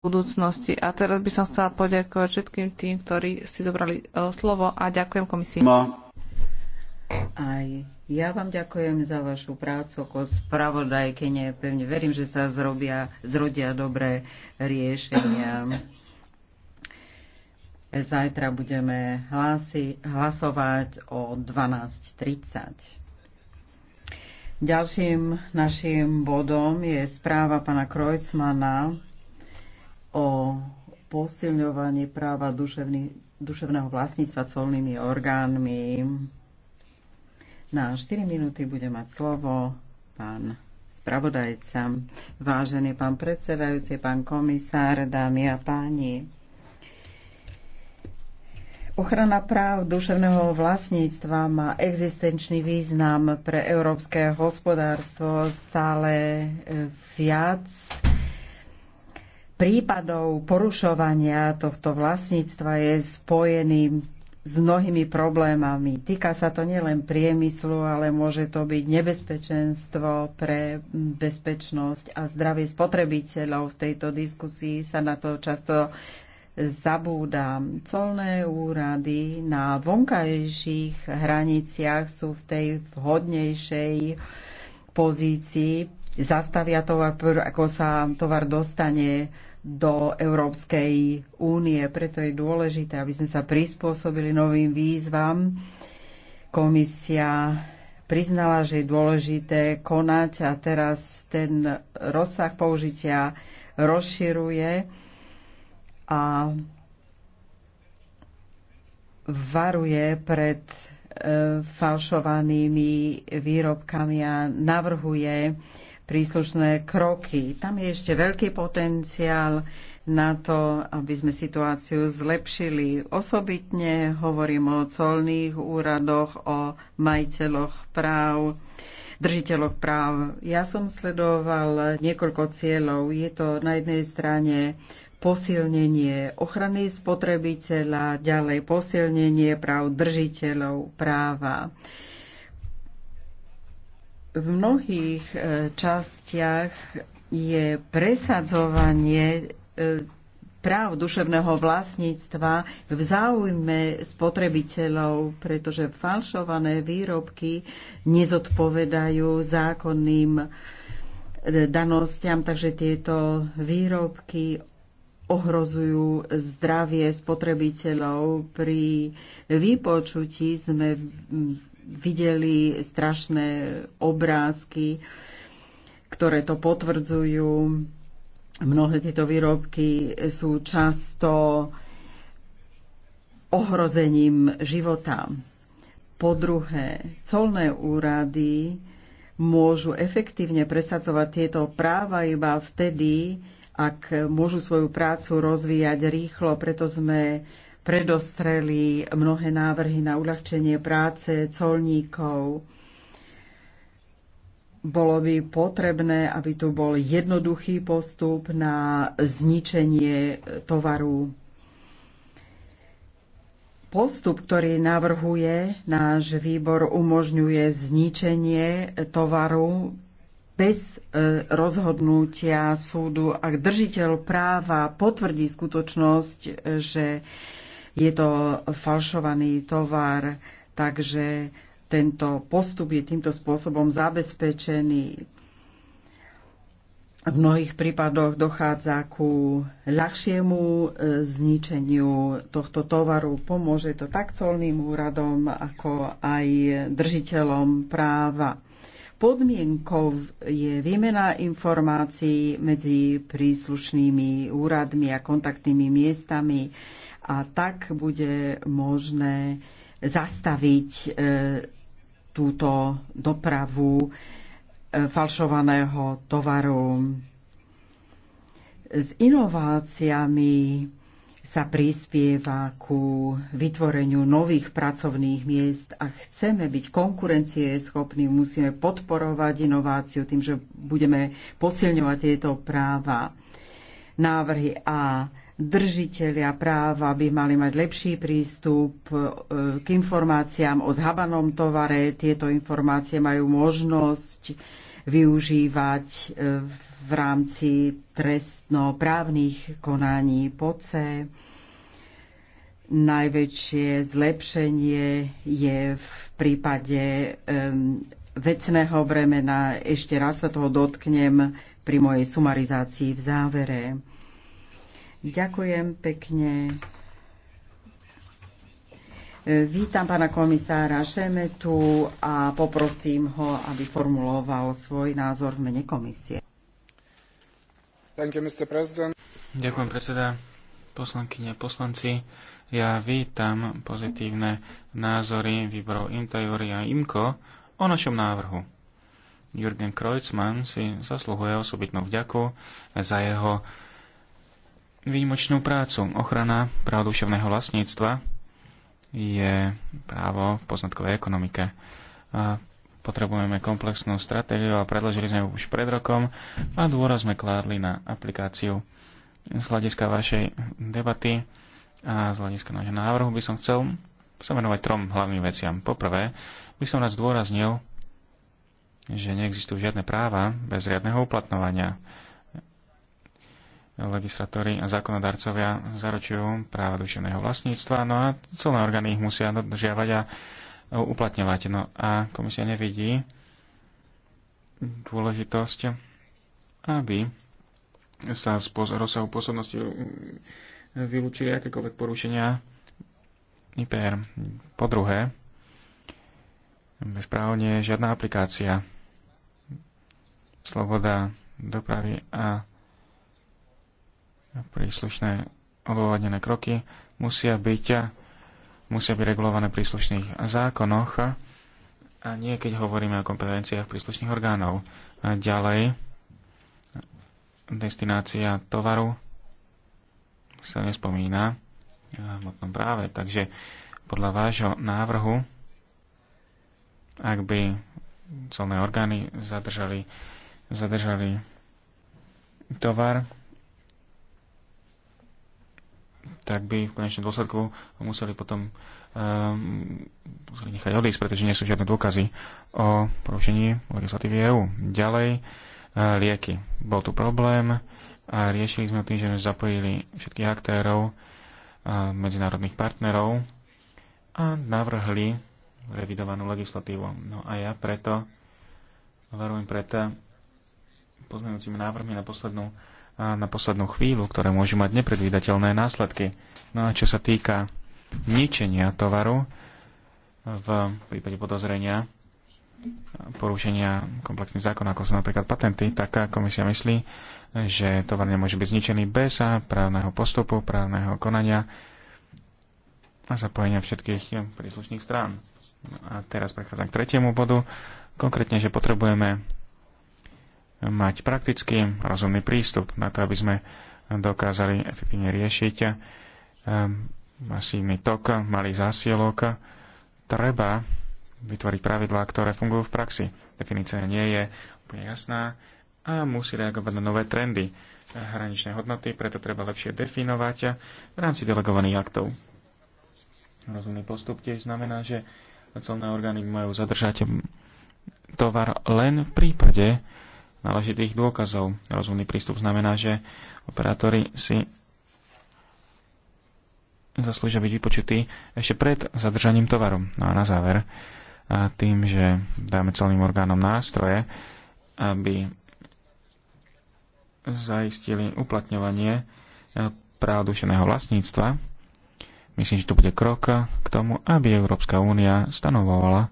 budúcnosti. A teraz by som chcela poďakovať všetkým tým, ktorí si zobrali e, slovo a ďakujem komisii. Ma. Aj ja vám ďakujem za vašu prácu ako spravodajkene. Pevne verím, že sa zrobia, zrodia dobré riešenia. Zajtra budeme hlasi, hlasovať o 12.30. Ďalším našim bodom je správa pana Krojcmana o posilňovanie práva duševný, duševného vlastníctva colnými orgánmi. Na 4 minúty bude mať slovo pán spravodajca. Vážený pán predsedajúci, pán komisár, dámy a páni. Ochrana práv duševného vlastníctva má existenčný význam pre európske hospodárstvo stále viac prípadov porušovania tohto vlastníctva je spojený s mnohými problémami. Týka sa to nielen priemyslu, ale môže to byť nebezpečenstvo pre bezpečnosť a zdravie spotrebiteľov. V tejto diskusii sa na to často zabúda. Colné úrady na vonkajších hraniciach sú v tej vhodnejšej pozícii. Zastavia tovar, ako sa tovar dostane do Európskej únie. Preto je dôležité, aby sme sa prispôsobili novým výzvam. Komisia priznala, že je dôležité konať a teraz ten rozsah použitia rozširuje a varuje pred e, falšovanými výrobkami a navrhuje príslušné kroky. Tam je ešte veľký potenciál na to, aby sme situáciu zlepšili. Osobitne hovorím o colných úradoch, o majiteľoch práv, držiteľoch práv. Ja som sledoval niekoľko cieľov. Je to na jednej strane posilnenie ochrany spotrebiteľa, ďalej posilnenie práv držiteľov práva v mnohých e, častiach je presadzovanie e, práv duševného vlastníctva v záujme spotrebiteľov, pretože falšované výrobky nezodpovedajú zákonným e, danostiam, takže tieto výrobky ohrozujú zdravie spotrebiteľov. Pri vypočutí sme videli strašné obrázky, ktoré to potvrdzujú. Mnohé tieto výrobky sú často ohrozením života. Po druhé, colné úrady môžu efektívne presadzovať tieto práva iba vtedy, ak môžu svoju prácu rozvíjať rýchlo. Preto sme predostreli mnohé návrhy na uľahčenie práce colníkov. Bolo by potrebné, aby tu bol jednoduchý postup na zničenie tovaru Postup, ktorý navrhuje náš výbor, umožňuje zničenie tovaru bez e, rozhodnutia súdu, ak držiteľ práva potvrdí skutočnosť, e, že je to falšovaný tovar, takže tento postup je týmto spôsobom zabezpečený. V mnohých prípadoch dochádza ku ľahšiemu e, zničeniu tohto tovaru. Pomôže to tak colným úradom, ako aj držiteľom práva. Podmienkou je výmena informácií medzi príslušnými úradmi a kontaktnými miestami a tak bude možné zastaviť e, túto dopravu e, falšovaného tovaru. S inováciami sa prispieva ku vytvoreniu nových pracovných miest a chceme byť konkurencieschopní, musíme podporovať inováciu tým, že budeme posilňovať tieto práva. Návrhy A držiteľia práva by mali mať lepší prístup e, k informáciám o zhabanom tovare. Tieto informácie majú možnosť využívať e, v rámci trestnoprávnych konaní POCE. Najväčšie zlepšenie je v prípade vecného bremena. Ešte raz sa toho dotknem pri mojej sumarizácii v závere Ďakujem pekne. E, vítam pána komisára Šemetu a poprosím ho, aby formuloval svoj názor v mene komisie. Thank you, Mr. President. Ďakujem, predseda, poslankyne, poslanci. Ja vítam pozitívne názory výborov Intajori a IMKO o našom návrhu. Jürgen Kreuzmann si zasluhuje osobitnú vďaku za jeho výnimočnú prácu. Ochrana práv duševného vlastníctva je právo v poznatkovej ekonomike. A potrebujeme komplexnú stratégiu a predložili sme ju už pred rokom a dôraz sme kládli na aplikáciu. Z hľadiska vašej debaty a z hľadiska nášho návrhu by som chcel sa venovať trom hlavným veciam. Poprvé, by som raz zdôraznil, že neexistujú žiadne práva bez riadneho uplatňovania legislatóri a zákonodarcovia zaručujú práva duševného vlastníctva, no a celé orgány ich musia dodržiavať a uplatňovať. No a komisia nevidí dôležitosť, aby sa z rozsahu pôsobnosti vylúčili akékoľvek porušenia IPR. Po druhé, bezprávne je žiadna aplikácia. Sloboda dopravy a príslušné odôvodnené kroky musia byť, musia byť regulované v príslušných zákonoch a nie keď hovoríme o kompetenciách príslušných orgánov. A ďalej, destinácia tovaru sa nespomína v hmotnom práve, takže podľa vášho návrhu, ak by colné orgány zadržali, zadržali tovar, tak by v konečnom dôsledku museli potom um, museli nechať odísť, pretože nie sú žiadne dôkazy o porušení legislatívy EÚ. Ďalej, uh, lieky. Bol tu problém a riešili sme tým, že sme zapojili všetkých aktérov, uh, medzinárodných partnerov a navrhli revidovanú legislatívu. No a ja preto varujem preto, pozmenujúcimi návrhmi na poslednú a na poslednú chvíľu, ktoré môžu mať nepredvídateľné následky. No a čo sa týka ničenia tovaru v prípade podozrenia porušenia komplexných zákonov, ako sú napríklad patenty, tak komisia myslí, že tovar nemôže byť zničený bez právneho postupu, právneho konania a zapojenia všetkých príslušných strán. A teraz prechádzam k tretiemu bodu, konkrétne, že potrebujeme mať praktický, rozumný prístup na to, aby sme dokázali efektívne riešiť eh, masívny tok malých zásielok. Treba vytvoriť pravidlá, ktoré fungujú v praxi. Definícia nie je úplne jasná a musí reagovať na nové trendy hraničné hodnoty, preto treba lepšie definovať v rámci delegovaných aktov. Rozumný postup tiež znamená, že celné orgány majú zadržať tovar len v prípade, náležitých dôkazov. Rozumný prístup znamená, že operátori si zaslúžia byť vypočutí ešte pred zadržaním tovaru. No a na záver, a tým, že dáme celým orgánom nástroje, aby zaistili uplatňovanie e, práv dušeného vlastníctva, myslím, že to bude krok k tomu, aby Európska únia stanovovala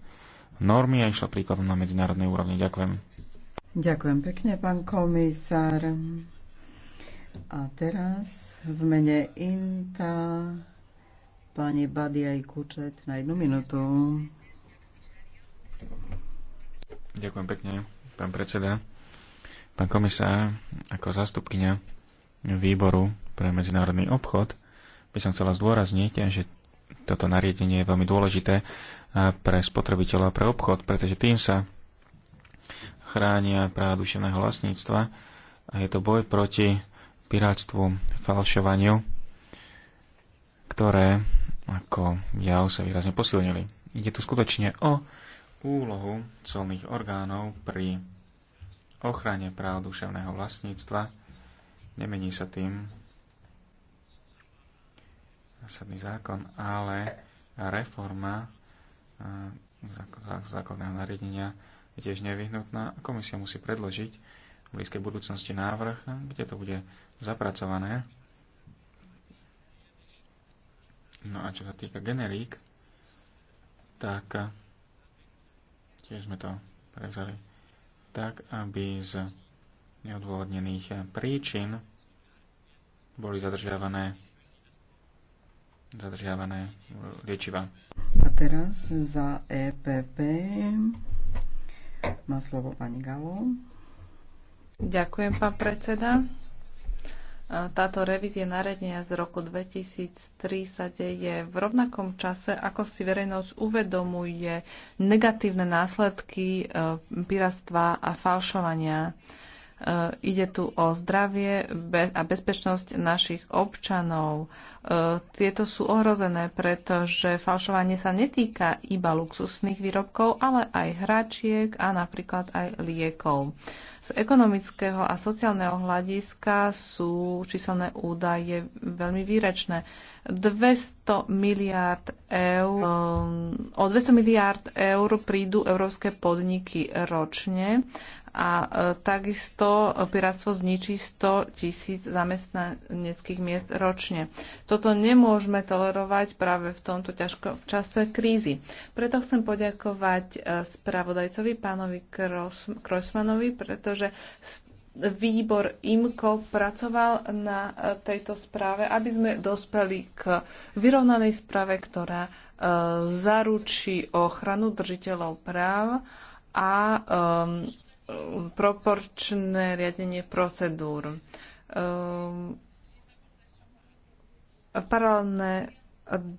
normy a išla príkladom na medzinárodnej úrovni. Ďakujem. Ďakujem pekne, pán komisár. A teraz v mene INTA pani Badiaj Kučet na jednu minútu. Ďakujem pekne, pán predseda. Pán komisár, ako zastupkynia výboru pre medzinárodný obchod by som chcela zdôrazniť, že toto nariadenie je veľmi dôležité pre spotrebiteľa a pre obchod, pretože tým sa chránia práva duševného vlastníctva a je to boj proti pirátstvu, falšovaniu, ktoré ako ja sa výrazne posilnili. Ide tu skutočne o úlohu colných orgánov pri ochrane práv duševného vlastníctva. Nemení sa tým zásadný zákon, ale reforma eh, základného nariadenia je tiež nevyhnutná a komisia musí predložiť v blízkej budúcnosti návrh, kde to bude zapracované. No a čo sa týka generík, tak eh, tiež sme to prevzali tak, aby z neodôvodnených eh, príčin boli zadržiavané zadržiavané liečiva. A teraz za EPP má slovo pani Galo. Ďakujem, pán predseda. Táto revízie naredenia z roku 2003 sa deje v rovnakom čase, ako si verejnosť uvedomuje negatívne následky e, piratstva a falšovania. E, ide tu o zdravie a bezpečnosť našich občanov. E, tieto sú ohrozené, pretože falšovanie sa netýka iba luxusných výrobkov, ale aj hračiek a napríklad aj liekov. Z ekonomického a sociálneho hľadiska sú číselné údaje veľmi výrečné. 200 miliard eur, e, o 200 miliard eur prídu európske podniky ročne a e, takisto piráctvo zničí 100 tisíc zamestnaneckých miest ročne. Toto nemôžeme tolerovať práve v tomto ťažko, v čase krízy. Preto chcem poďakovať e, spravodajcovi pánovi Krosmanovi, pretože výbor IMKO pracoval na e, tejto správe, aby sme dospeli k vyrovnanej správe, ktorá zaručí ochranu držiteľov práv a um, proporčné riadenie procedúr. Ehm, paralelné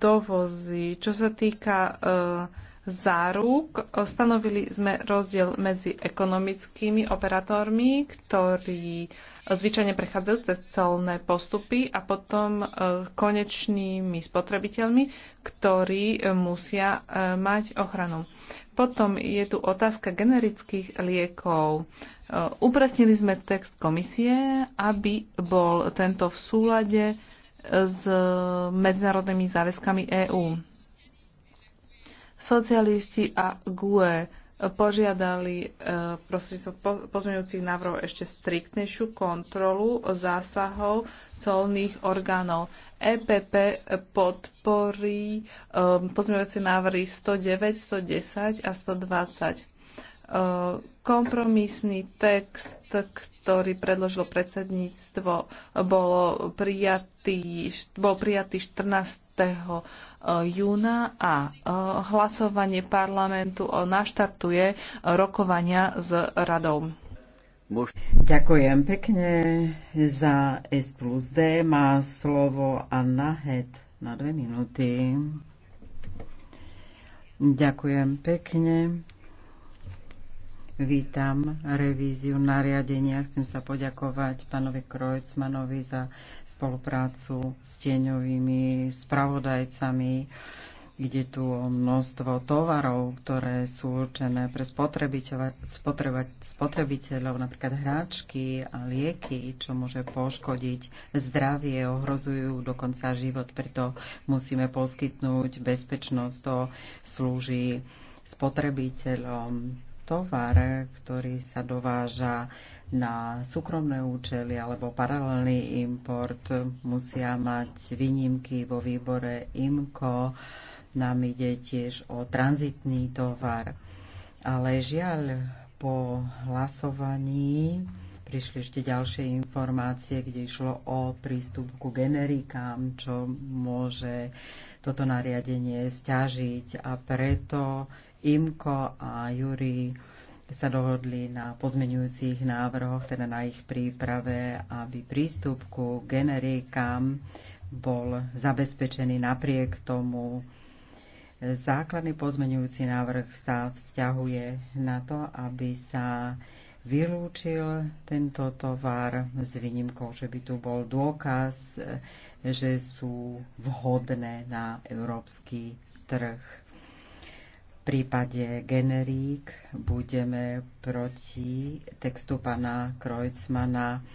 dovozy. Čo sa týka ehm, záruk, stanovili sme rozdiel medzi ekonomickými operátormi, ktorí ehm, zvyčajne prechádzajú cez celné postupy a potom konečnými spotrebiteľmi, ktorí musia mať ochranu. Potom je tu otázka generických liekov. E, Upresnili sme text komisie, aby bol tento v súlade s medzinárodnými záväzkami EÚ. Socialisti a GUE požiadali e, prostredníctvom pozmeňujúcich návrhov ešte striktnejšiu kontrolu zásahov colných orgánov. EPP podporí e, pozmeňujúce návrhy 109, 110 a 120. E, kompromisný text, ktorý predložilo predsedníctvo, bolo prijatý, bol prijatý 14 Eh, júna a eh, hlasovanie parlamentu naštartuje rokovania s radou. Ďakujem pekne za S plus D. Má slovo Anna Het na dve minúty. Ďakujem pekne. Vítam revíziu nariadenia. Chcem sa poďakovať pánovi Krojcmanovi za spoluprácu s tieňovými spravodajcami. Ide tu o množstvo tovarov, ktoré sú určené pre spotrebiteľov, napríklad hráčky a lieky, čo môže poškodiť zdravie, ohrozujú dokonca život. Preto musíme poskytnúť bezpečnosť. To slúži spotrebiteľom tovar, ktorý sa dováža na súkromné účely alebo paralelný import, musia mať výnimky vo výbore IMCO. Nám ide tiež o tranzitný tovar. Ale žiaľ, po hlasovaní prišli ešte ďalšie informácie, kde išlo o prístup ku generikám, čo môže toto nariadenie stiažiť a preto IMKO a Juri sa dohodli na pozmeňujúcich návrhoch, teda na ich príprave, aby prístup ku generikám bol zabezpečený napriek tomu. Základný pozmeňujúci návrh sa vzťahuje na to, aby sa vylúčil tento tovar s výnimkou, že by tu bol dôkaz, že sú vhodné na európsky trh prípade generík budeme proti textu pana Krojcmana.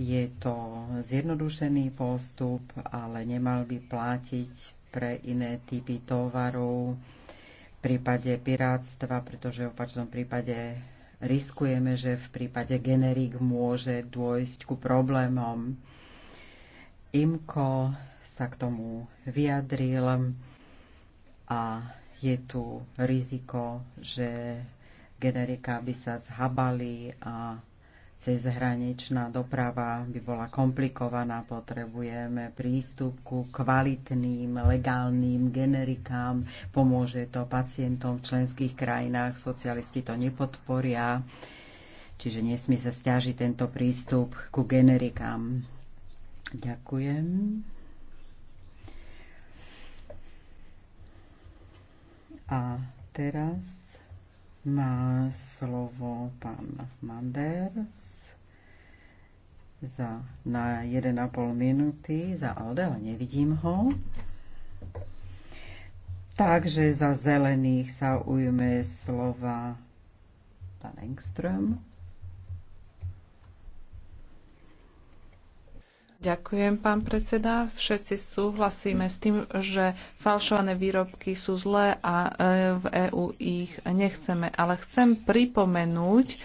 Je to zjednodušený postup, ale nemal by platiť pre iné typy tovarov v prípade pirátstva, pretože v opačnom prípade riskujeme, že v prípade generík môže dôjsť ku problémom. IMKO sa k tomu vyjadril a je tu riziko, že generika by sa zhabali a cezhraničná doprava by bola komplikovaná. Potrebujeme prístup ku kvalitným, legálnym generikám. Pomôže to pacientom v členských krajinách. Socialisti to nepodporia. Čiže nesmie sa stiažiť tento prístup ku generikám. Ďakujem. A teraz má slovo pán Manders za, na 1,5 minúty za Alde, ale nevidím ho. Takže za zelených sa ujme slova pán Engström. Ďakujem, pán predseda. Všetci súhlasíme s tým, že falšované výrobky sú zlé a e, v EÚ ich nechceme. Ale chcem pripomenúť, e,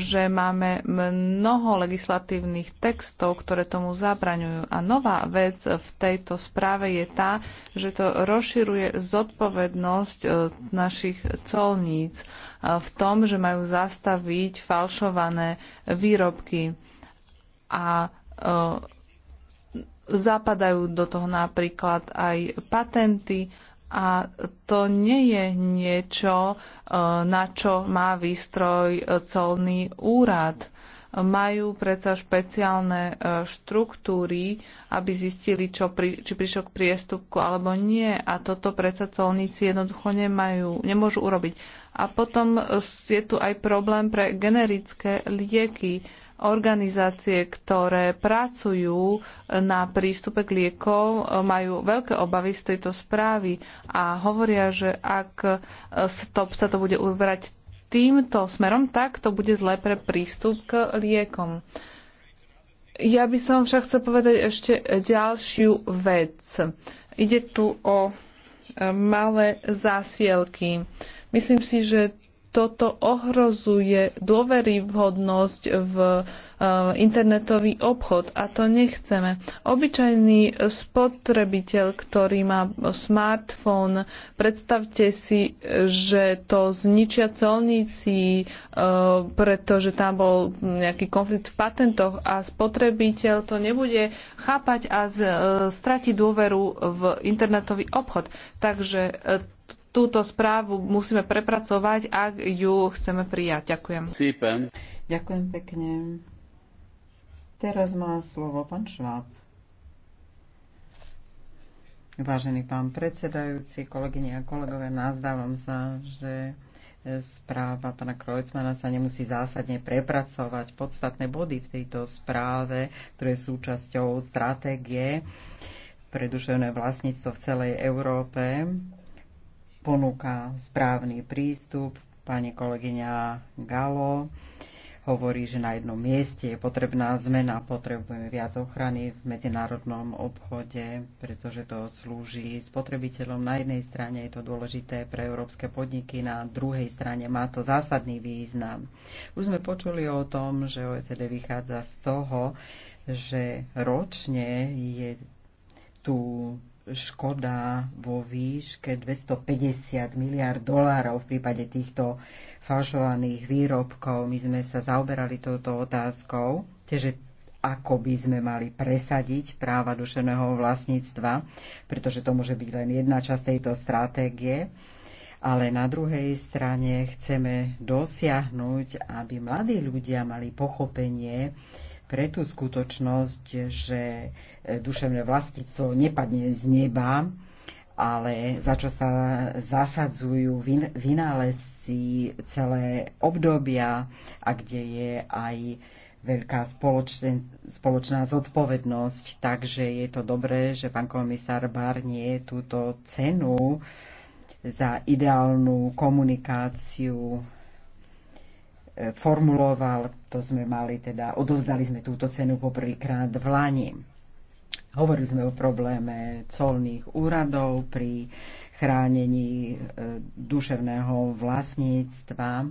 že máme mnoho legislatívnych textov, ktoré tomu zabraňujú. A nová vec v tejto správe je tá, že to rozširuje zodpovednosť e, našich colníc v tom, že majú zastaviť falšované výrobky. A Zapadajú do toho napríklad aj patenty a to nie je niečo, e, na čo má výstroj e, colný úrad. Majú predsa špeciálne e, štruktúry, aby zistili, čo pri, či prišiel k priestupku alebo nie. A toto predsa colníci jednoducho nemajú, nemôžu urobiť. A potom je tu aj problém pre generické lieky Organizácie, ktoré pracujú na prístupe k liekom, majú veľké obavy z tejto správy a hovoria, že ak stop sa to bude uberať týmto smerom, tak to bude zlé pre prístup k liekom. Ja by som však chcel povedať ešte ďalšiu vec. Ide tu o malé zásielky. Myslím si, že toto ohrozuje dôveryvhodnosť v e, internetový obchod a to nechceme. Obyčajný spotrebiteľ, ktorý má smartfón, predstavte si, že to zničia colníci, e, pretože tam bol nejaký konflikt v patentoch a spotrebiteľ to nebude chápať a e, stratiť dôveru v internetový obchod. Takže túto správu musíme prepracovať, ak ju chceme prijať. Ďakujem. Sípen. Ďakujem pekne. Teraz má slovo pán Šváb. Vážený pán predsedajúci, kolegyne a kolegové, nazdávam sa, že správa pána Krojcmana sa nemusí zásadne prepracovať. Podstatné body v tejto správe, ktoré sú súčasťou stratégie pre duševné vlastníctvo v celej Európe, ponúka správny prístup. Pani kolegyňa Galo hovorí, že na jednom mieste je potrebná zmena, potrebujeme viac ochrany v medzinárodnom obchode, pretože to slúži spotrebiteľom. Na jednej strane je to dôležité pre európske podniky, na druhej strane má to zásadný význam. Už sme počuli o tom, že OECD vychádza z toho, že ročne je tu škoda vo výške 250 miliard dolárov v prípade týchto falšovaných výrobkov. My sme sa zaoberali touto otázkou, že ako by sme mali presadiť práva duševného vlastníctva, pretože to môže byť len jedna časť tejto stratégie. Ale na druhej strane chceme dosiahnuť, aby mladí ľudia mali pochopenie pre tú skutočnosť, že e, duševné vlastníctvo nepadne z neba, ale za čo sa zasadzujú vyn- vynálezci celé obdobia a kde je aj veľká spoločne, spoločná zodpovednosť. Takže je to dobré, že pán komisár Barnie túto cenu za ideálnu komunikáciu E, formuloval. To sme mali teda, odovzdali sme túto cenu poprvýkrát v Lani. Hovorili sme o probléme colných úradov pri chránení e, duševného vlastníctva.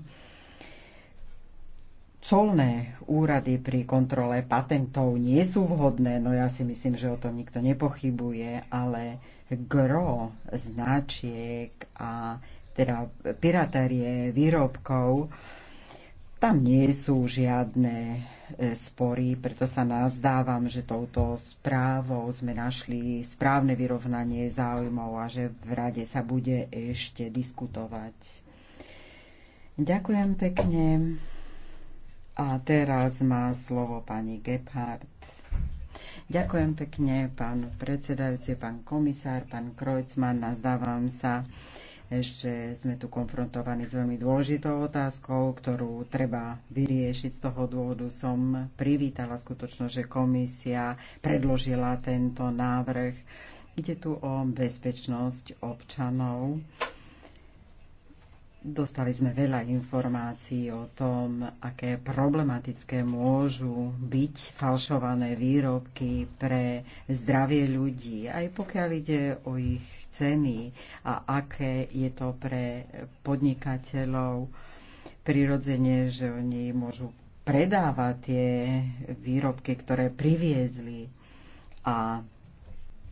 Colné úrady pri kontrole patentov nie sú vhodné, no ja si myslím, že o tom nikto nepochybuje, ale gro značiek a teda piratérie výrobkov tam nie sú žiadne e, spory, preto sa nazdávam, že touto správou sme našli správne vyrovnanie záujmov a že v rade sa bude ešte diskutovať. Ďakujem pekne. A teraz má slovo pani Gebhardt. Ďakujem pekne, pán predsedajúci, pán komisár, pán Krojcman. Nazdávam sa, ešte sme tu konfrontovaní s veľmi dôležitou otázkou, ktorú treba vyriešiť. Z toho dôvodu som privítala skutočnosť, že komisia predložila tento návrh. Ide tu o bezpečnosť občanov Dostali sme veľa informácií o tom, aké problematické môžu byť falšované výrobky pre zdravie ľudí, aj pokiaľ ide o ich ceny a aké je to pre podnikateľov prirodzene, že oni môžu predávať tie výrobky, ktoré priviezli a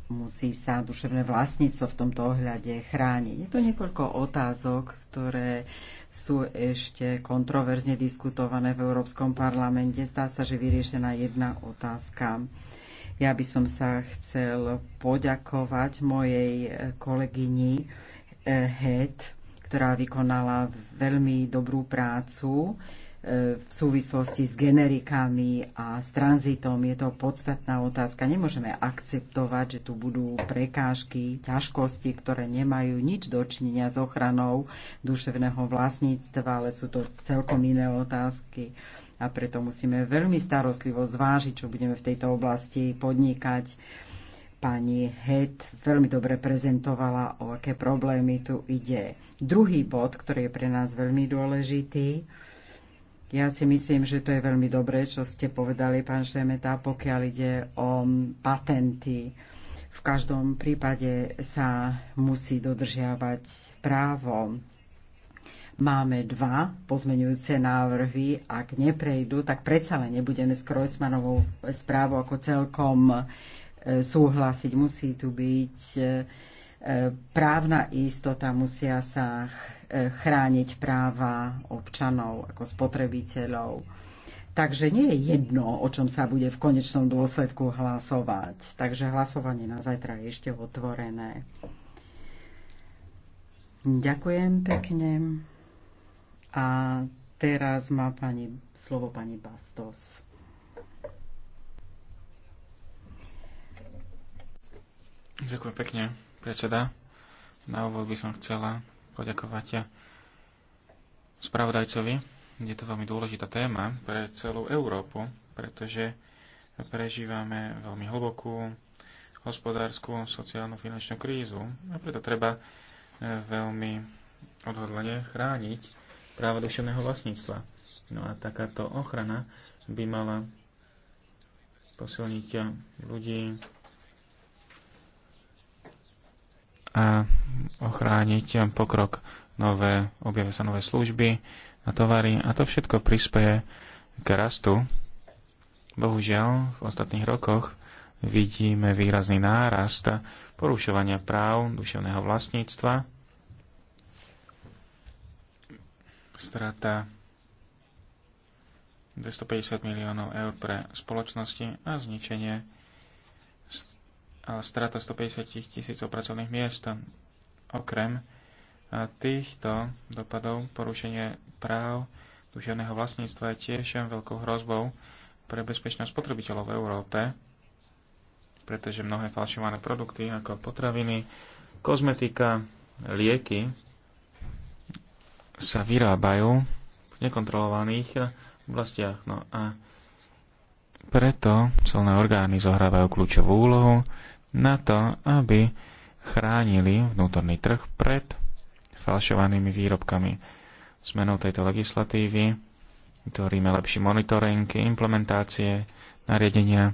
musí sa duševné vlastníctvo v tomto ohľade chrániť. Je to niekoľko otázok, ktoré sú ešte kontroverzne diskutované v Európskom parlamente. Zdá sa, že vyriešená jedna otázka. Ja by som sa chcel poďakovať mojej kolegyni eh, Het, ktorá vykonala veľmi dobrú prácu v súvislosti s generikami a s tranzitom. Je to podstatná otázka. Nemôžeme akceptovať, že tu budú prekážky, ťažkosti, ktoré nemajú nič dočinenia s ochranou duševného vlastníctva, ale sú to celkom iné otázky. A preto musíme veľmi starostlivo zvážiť, čo budeme v tejto oblasti podnikať. Pani Het veľmi dobre prezentovala, o aké problémy tu ide. Druhý bod, ktorý je pre nás veľmi dôležitý, ja si myslím, že to je veľmi dobré, čo ste povedali, pán Šemeta, pokiaľ ide o patenty. V každom prípade sa musí dodržiavať právo. Máme dva pozmeňujúce návrhy. Ak neprejdú, tak predsa len nebudeme s Krojcmanovou správou ako celkom e, súhlasiť. Musí tu byť e, právna istota, musia sa e, chrániť práva občanov ako spotrebiteľov. Takže nie je jedno, o čom sa bude v konečnom dôsledku hlasovať. Takže hlasovanie na zajtra je ešte otvorené. Ďakujem pekne. A teraz má pani, slovo pani Bastos. Ďakujem pekne predseda. Na úvod by som chcela poďakovať spravodajcovi. Je to veľmi dôležitá téma pre celú Európu, pretože prežívame veľmi hlbokú hospodárskú, sociálnu, finančnú krízu a preto treba e, veľmi odhodlane chrániť práva duševného vlastníctva. No a takáto ochrana by mala posilniť ľudí, a ochrániť pokrok. Nové, objavia sa nové služby a tovary a to všetko prispieje k rastu. Bohužiaľ, v ostatných rokoch vidíme výrazný nárast porušovania práv duševného vlastníctva, strata 250 miliónov eur pre spoločnosti a zničenie a strata 150 tisícov pracovných miest. Okrem týchto dopadov porušenie práv duševného vlastníctva je tiež veľkou hrozbou pre bezpečnosť spotrebiteľov v Európe, pretože mnohé falšované produkty ako potraviny, kozmetika, lieky sa vyrábajú v nekontrolovaných oblastiach. No a preto celné orgány zohrávajú kľúčovú úlohu na to, aby chránili vnútorný trh pred falšovanými výrobkami. Zmenou tejto legislatívy vytvoríme lepší monitoring implementácie nariadenia.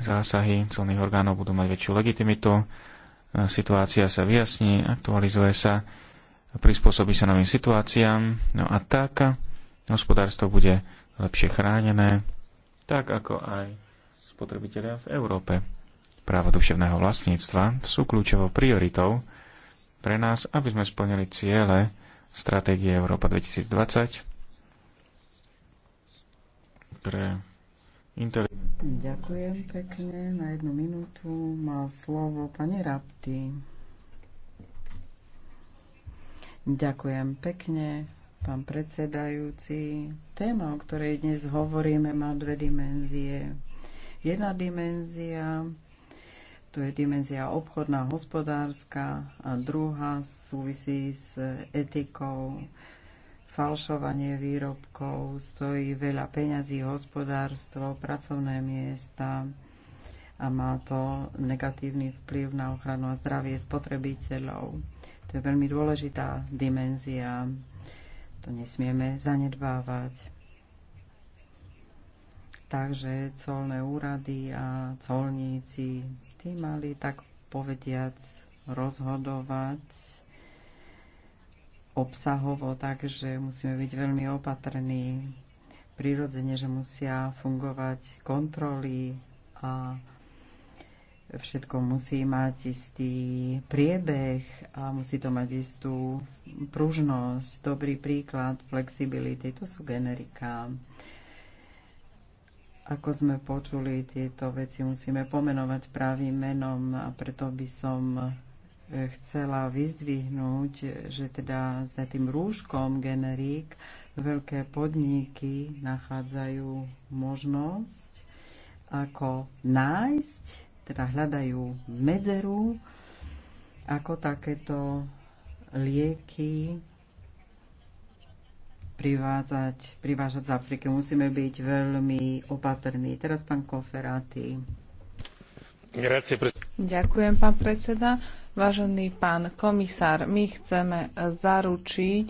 Zásahy celných orgánov budú mať väčšiu legitimitu, situácia sa vyjasní, aktualizuje sa, prispôsobí sa novým situáciám, no a tak hospodárstvo bude lepšie chránené, tak ako aj spotrebiteľa v Európe. Práva duševného vlastníctva sú kľúčovou prioritou pre nás, aby sme splnili ciele stratégie Európa 2020 pre Inter... Ďakujem pekne. Na jednu minútu má slovo pani Rapti. Ďakujem pekne, pán predsedajúci. Téma, o ktorej dnes hovoríme, má dve dimenzie. Jedna dimenzia, to je dimenzia obchodná, hospodárska a druhá súvisí s etikou. Falšovanie výrobkov stojí veľa peňazí, hospodárstvo, pracovné miesta a má to negatívny vplyv na ochranu a zdravie spotrebiteľov. To je veľmi dôležitá dimenzia. To nesmieme zanedbávať. Takže colné úrady a colníci, tí mali tak povediac rozhodovať obsahovo, takže musíme byť veľmi opatrní. Prirodzene, že musia fungovať kontroly a všetko musí mať istý priebeh a musí to mať istú pružnosť. Dobrý príklad flexibility, to sú generika. Ako sme počuli, tieto veci musíme pomenovať pravým menom a preto by som eh, chcela vyzdvihnúť, že teda za tým rúškom generík veľké podniky nachádzajú možnosť, ako nájsť, teda hľadajú medzeru, ako takéto lieky privázať, privážať z Afriky. Musíme byť veľmi opatrní. Teraz pán Koferáty. Ďakujem, pán predseda. Vážený pán komisár, my chceme zaručiť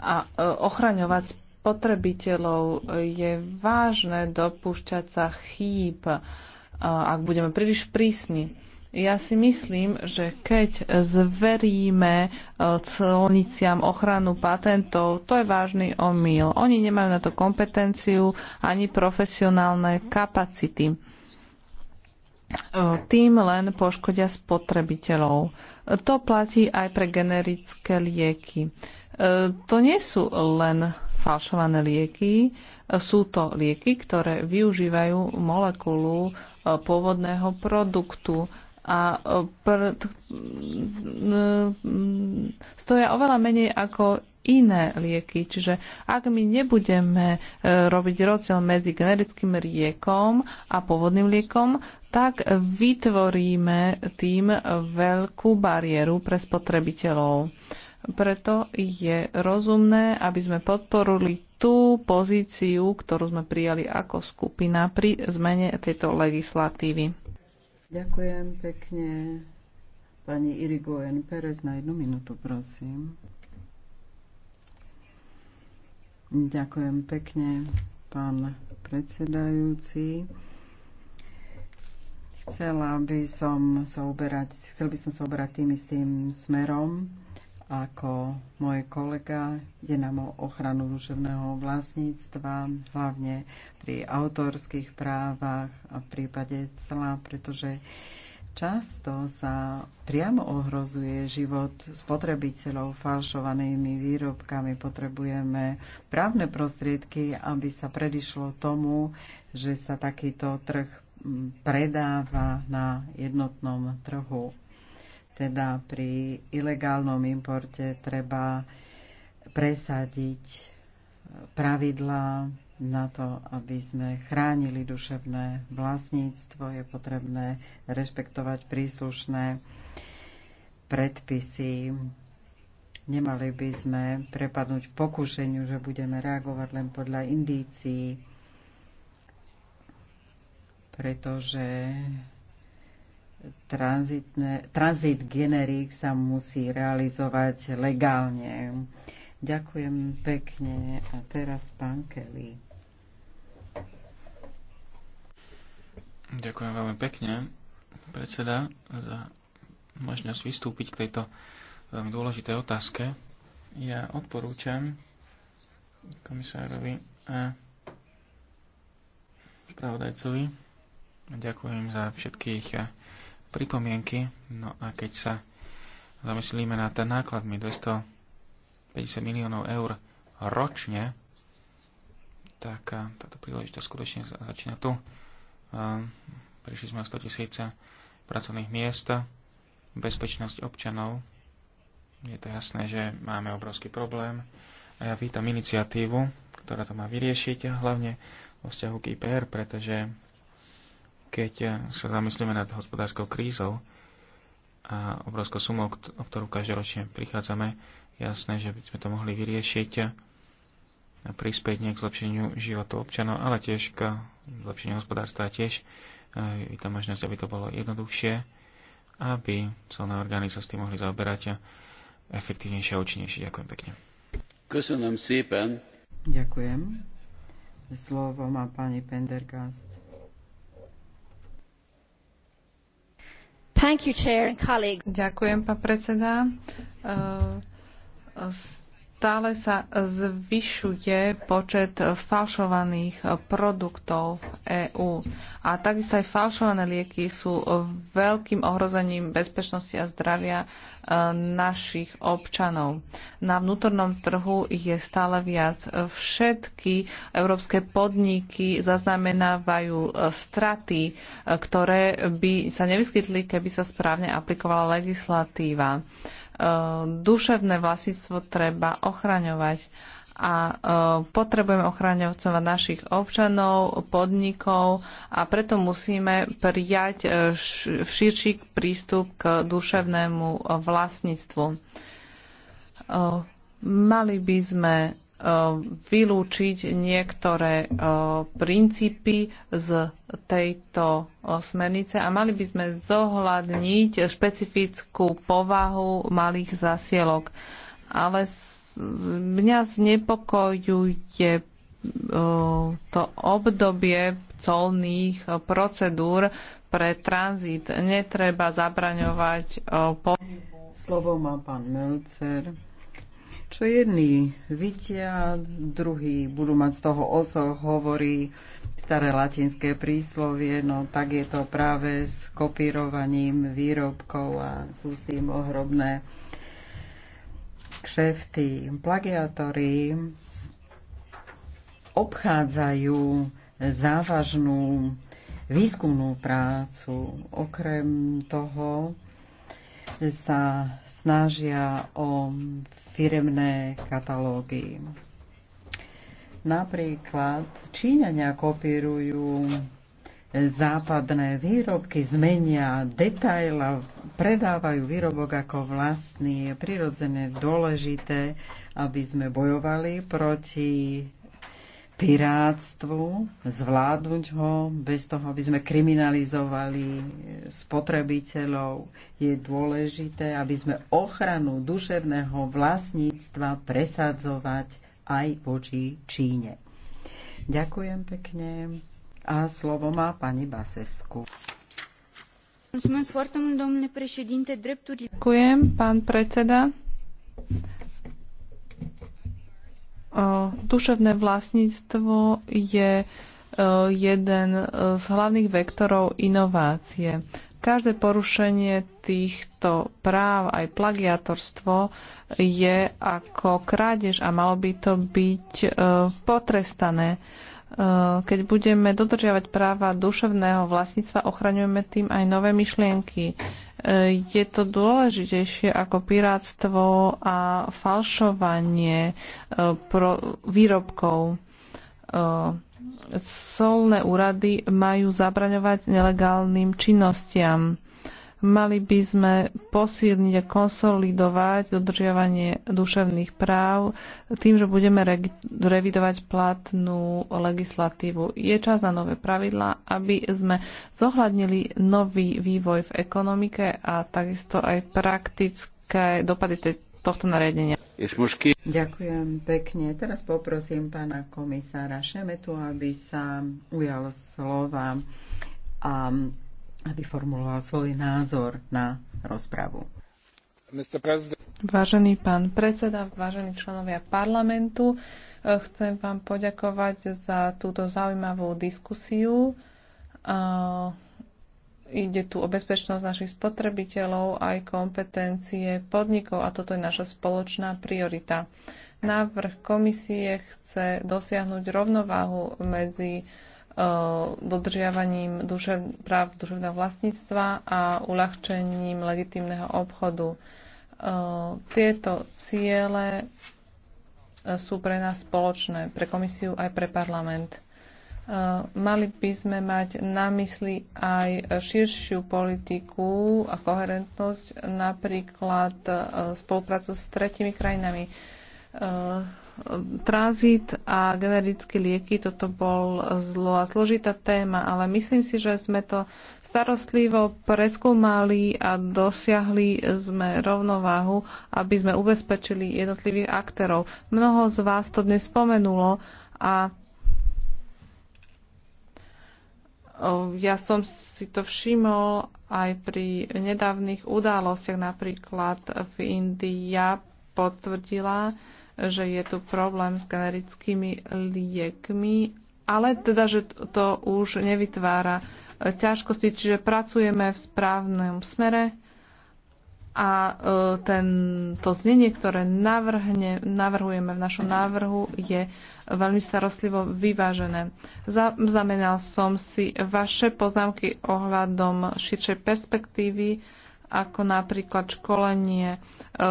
a e, ochraňovať spotrebiteľov. Je vážne dopúšťať sa chýb, ak budeme príliš prísni ja si myslím, že keď zveríme e, celniciam ochranu patentov, to je vážny omyl. Oni nemajú na to kompetenciu ani profesionálne kapacity. E, tým len poškodia spotrebiteľov. To platí aj pre generické lieky. E, to nie sú len falšované lieky, sú to lieky, ktoré využívajú molekulu pôvodného produktu a e, pr- e, stoja oveľa menej ako iné lieky. Čiže ak my nebudeme e, robiť rozdiel medzi generickým liekom a pôvodným liekom, tak vytvoríme tým veľkú bariéru pre spotrebiteľov. Preto je rozumné, aby sme podporili tú pozíciu, ktorú sme prijali ako skupina pri zmene tejto legislatívy. Ďakujem pekne. Pani Irigoyen Perez na jednu minútu, prosím. Ďakujem pekne, pán predsedajúci. Chcela by som sa uberať, chcel by som sa uberať tým istým smerom, ako môj kolega, je nám o ochranu duševného vlastníctva, hlavne pri autorských právach a v prípade celá, pretože často sa priamo ohrozuje život spotrebiteľov falšovanými výrobkami. Potrebujeme právne prostriedky, aby sa predišlo tomu, že sa takýto trh mm, predáva na jednotnom trhu. Teda pri ilegálnom importe treba presadiť eh, pravidlá na to, aby sme chránili duševné vlastníctvo. Je potrebné rešpektovať príslušné predpisy. Nemali by sme prepadnúť pokušeniu, že budeme reagovať len podľa indícií, pretože tranzit generík sa musí realizovať legálne. Ďakujem pekne. A teraz pán Kelly. Ďakujem veľmi pekne, predseda, za možnosť vystúpiť k tejto veľmi dôležitej otázke. Ja odporúčam komisárovi a spravodajcovi. Ďakujem za všetkých pripomienky. No a keď sa zamyslíme na ten nákladmi 250 miliónov eur ročne, tak táto príležitosť skutočne začína tu. Prišli sme o 100 tisíce pracovných miest, bezpečnosť občanov. Je to jasné, že máme obrovský problém. A ja vítam iniciatívu, ktorá to má vyriešiť, hlavne vo vzťahu k IPR, pretože keď eh, sa zamyslíme nad hospodárskou krízou a obrovskou sumou, o ktorú každoročne prichádzame, jasné, že by sme to mohli vyriešiť a prispieť nie k zlepšeniu života občanov, ale tiež k zlepšeniu hospodárstva tiež eh, je tam možnosť, aby to bolo jednoduchšie, aby celné orgány sa s tým mohli zaoberať a efektívnejšie a účinnejšie. Ďakujem pekne. Ďakujem. Slovo má pani Pendergast. You, Ďakujem, pán predseda. Uh, stále sa zvyšuje počet falšovaných produktov v EÚ. A takisto aj falšované lieky sú veľkým ohrozením bezpečnosti a zdravia e, našich občanov. Na vnútornom trhu je stále viac. Všetky európske podniky zaznamenávajú e, straty, e, ktoré by sa nevyskytli, keby sa správne aplikovala legislatíva duševné vlastníctvo treba ochraňovať a e, potrebujeme ochraňovať našich občanov, podnikov a preto musíme prijať e, širší prístup k duševnému e, vlastníctvu. Mali by sme vylúčiť niektoré e, princípy z tejto e, smernice a mali by sme zohľadniť špecifickú povahu malých zasielok. Ale mňa znepokojuje e, to obdobie colných procedúr pre tranzit. Netreba zabraňovať. pohybu. Slovo má pán Melcer. Čo jedni vidia, druhí budú mať z toho oso, hovorí staré latinské príslovie, no tak je to práve s kopírovaním výrobkov a sú s tým ohrobné kšefty. Plagiátori obchádzajú závažnú výskumnú prácu. Okrem toho, sa snažia o firemné katalógy. Napríklad Číňania kopírujú západné výrobky, zmenia detail a predávajú výrobok ako vlastný. Je prirodzene dôležité, aby sme bojovali proti pirátstvu, zvládnuť ho bez toho, aby sme kriminalizovali eh, spotrebiteľov. Je dôležité, aby sme ochranu duševného vlastníctva presadzovať aj voči Číne. Ďakujem pekne a slovo má pani Basesku. Ďakujem, pán predseda. Duševné vlastníctvo je e, jeden e, z hlavných vektorov inovácie. Každé porušenie týchto práv, aj plagiatorstvo, je ako krádež a malo by to byť e, potrestané. Keď budeme dodržiavať práva duševného vlastníctva, ochraňujeme tým aj nové myšlienky je to dôležitejšie ako pirátstvo a falšovanie e, výrobkov. E, solné úrady majú zabraňovať nelegálnym činnostiam Mali by sme posilniť a konsolidovať dodržiavanie duševných práv tým, že budeme re- revidovať platnú legislatívu. Je čas na nové pravidlá, aby sme zohľadnili nový vývoj v ekonomike a takisto aj praktické dopady tohto nariadenia. Ďakujem pekne. Teraz poprosím pána komisára Šemetu, aby sa ujal slova. A aby formuloval svoj názor na rozpravu. Vážený pán predseda, vážení členovia parlamentu, eh, chcem vám poďakovať za túto zaujímavú diskusiu. Ide tu o bezpečnosť našich spotrebiteľov aj kompetencie podnikov a toto je naša spoločná priorita. Návrh komisie chce dosiahnuť rovnováhu medzi Eh, dodržiavaním dušev, práv duševného vlastníctva a uľahčením legitímneho obchodu. Eh, tieto ciele eh, sú pre nás spoločné, pre komisiu aj pre parlament. Mali by sme mať na mysli aj širšiu politiku a koherentnosť, napríklad spoluprácu s tretimi krajinami Eh, tranzit a generické lieky, toto bol zlá zložitá téma, ale myslím si, že sme to starostlivo preskúmali a dosiahli sme rovnováhu, aby sme ubezpečili jednotlivých aktérov. Mnoho z vás to dnes spomenulo a eh, ja som si to všimol aj pri nedávnych udalostiach, napríklad v Indii potvrdila, že je tu problém s generickými liekmi, ale teda, že to už nevytvára ťažkosti, čiže pracujeme v správnom smere a e, ten, to znenie, ktoré navrhne, navrhujeme v našom návrhu, je veľmi starostlivo vyvážené. Zamenal som si vaše poznámky ohľadom širšej perspektívy ako napríklad školenie e,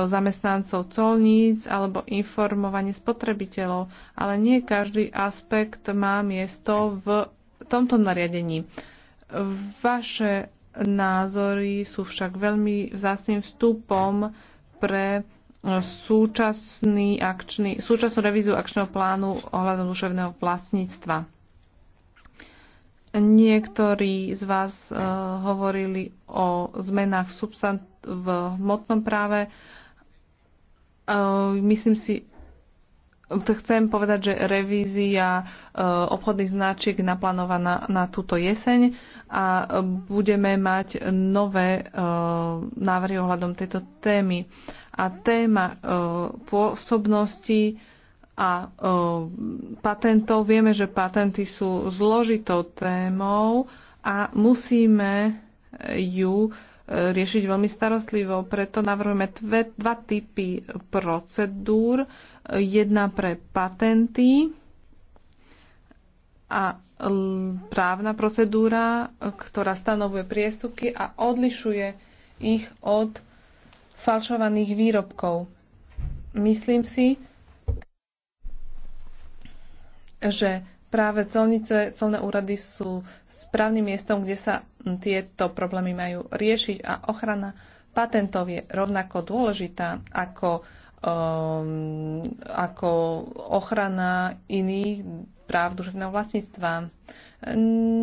zamestnancov colníc alebo informovanie spotrebiteľov, ale nie každý aspekt má miesto v tomto nariadení. Vaše názory sú však veľmi vzácným vstupom pre súčasný akčný, súčasnú revíziu akčného plánu ohľadom duševného vlastníctva. Niektorí z vás uh, hovorili o zmenách v, substan- v hmotnom práve. Uh, myslím si, chcem povedať, že revízia eh, obchodných značiek naplánovaná na túto jeseň a budeme mať nové návrhy ohľadom tejto témy. A téma pôsobnosti a patentov. Vieme, že patenty sú zložitou témou a musíme ju e, riešiť veľmi starostlivo. Preto navrhujeme dve, dva typy procedúr. Jedna pre patenty a právna procedúra, ktorá stanovuje priestupky a odlišuje ich od falšovaných výrobkov. Myslím si, že práve celnice, celné úrady sú správnym miestom, kde sa tieto problémy majú riešiť a ochrana patentov je rovnako dôležitá ako, um, ako ochrana iných práv duševného vlastníctva.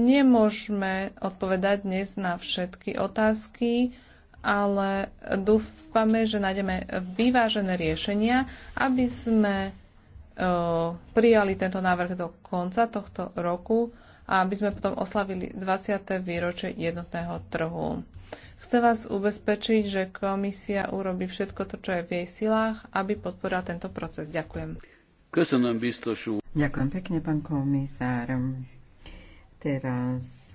Nemôžeme odpovedať dnes na všetky otázky, ale dúfame, že nájdeme vyvážené riešenia, aby sme E, prijali tento návrh do konca tohto roku a aby sme potom oslavili 20. výročie jednotného trhu. Chcem vás ubezpečiť, že komisia urobí všetko to, čo je v jej silách, aby podporila tento proces. Ďakujem. Ďakujem pekne, pán komisár. Teraz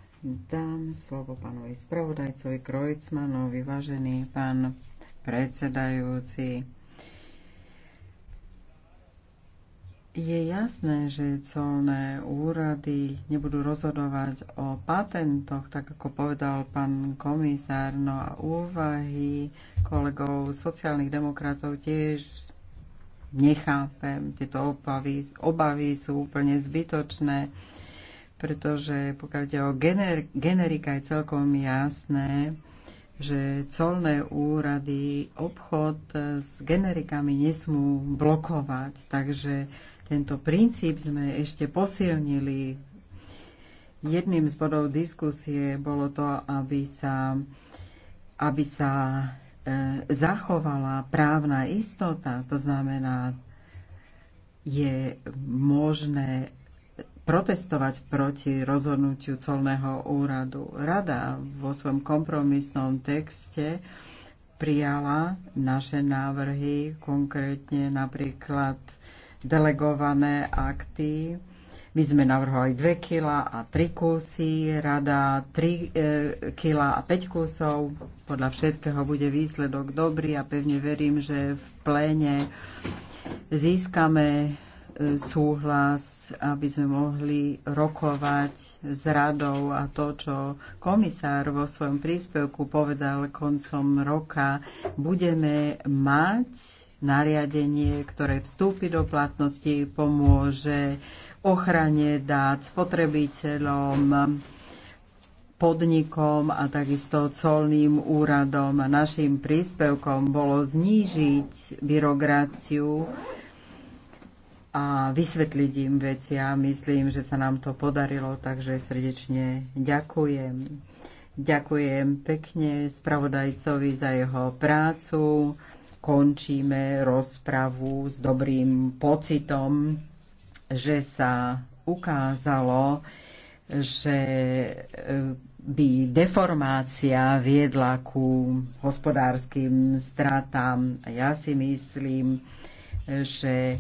dám slovo pánovi spravodajcovi Krojcmanovi, vážený pán predsedajúci. Je jasné, že colné úrady nebudú rozhodovať o patentoch, tak ako povedal pán komisár, no a úvahy kolegov sociálnych demokratov tiež nechápem. Tieto obavy, obavy sú úplne zbytočné, pretože pokiaľ ide o gener, generika je celkom jasné, že colné úrady obchod s generikami nesmú blokovať. Takže tento princíp sme ešte posilnili. Jedným z bodov diskusie bolo to, aby sa, aby sa e, zachovala právna istota. To znamená, je možné protestovať proti rozhodnutiu colného úradu. Rada vo svojom kompromisnom texte prijala naše návrhy, konkrétne napríklad delegované akty. My sme navrhovali 2 kg a 3 kusy, rada 3 e, kg a 5 kusov. Podľa všetkého bude výsledok dobrý a pevne verím, že v pléne získame e, súhlas, aby sme mohli rokovať s radou a to, čo komisár vo svojom príspevku povedal koncom roka, budeme mať nariadenie, ktoré vstúpi do platnosti, pomôže ochrane dát spotrebiteľom, podnikom a takisto colným úradom. a Našim príspevkom bolo znížiť byrokraciu a vysvetliť im veci. Ja myslím, že sa nám to podarilo, takže srdečne ďakujem. Ďakujem pekne spravodajcovi za jeho prácu končíme rozpravu s dobrým pocitom, že sa ukázalo, že eh, by deformácia viedla ku hospodárskym stratám. Ja si myslím, že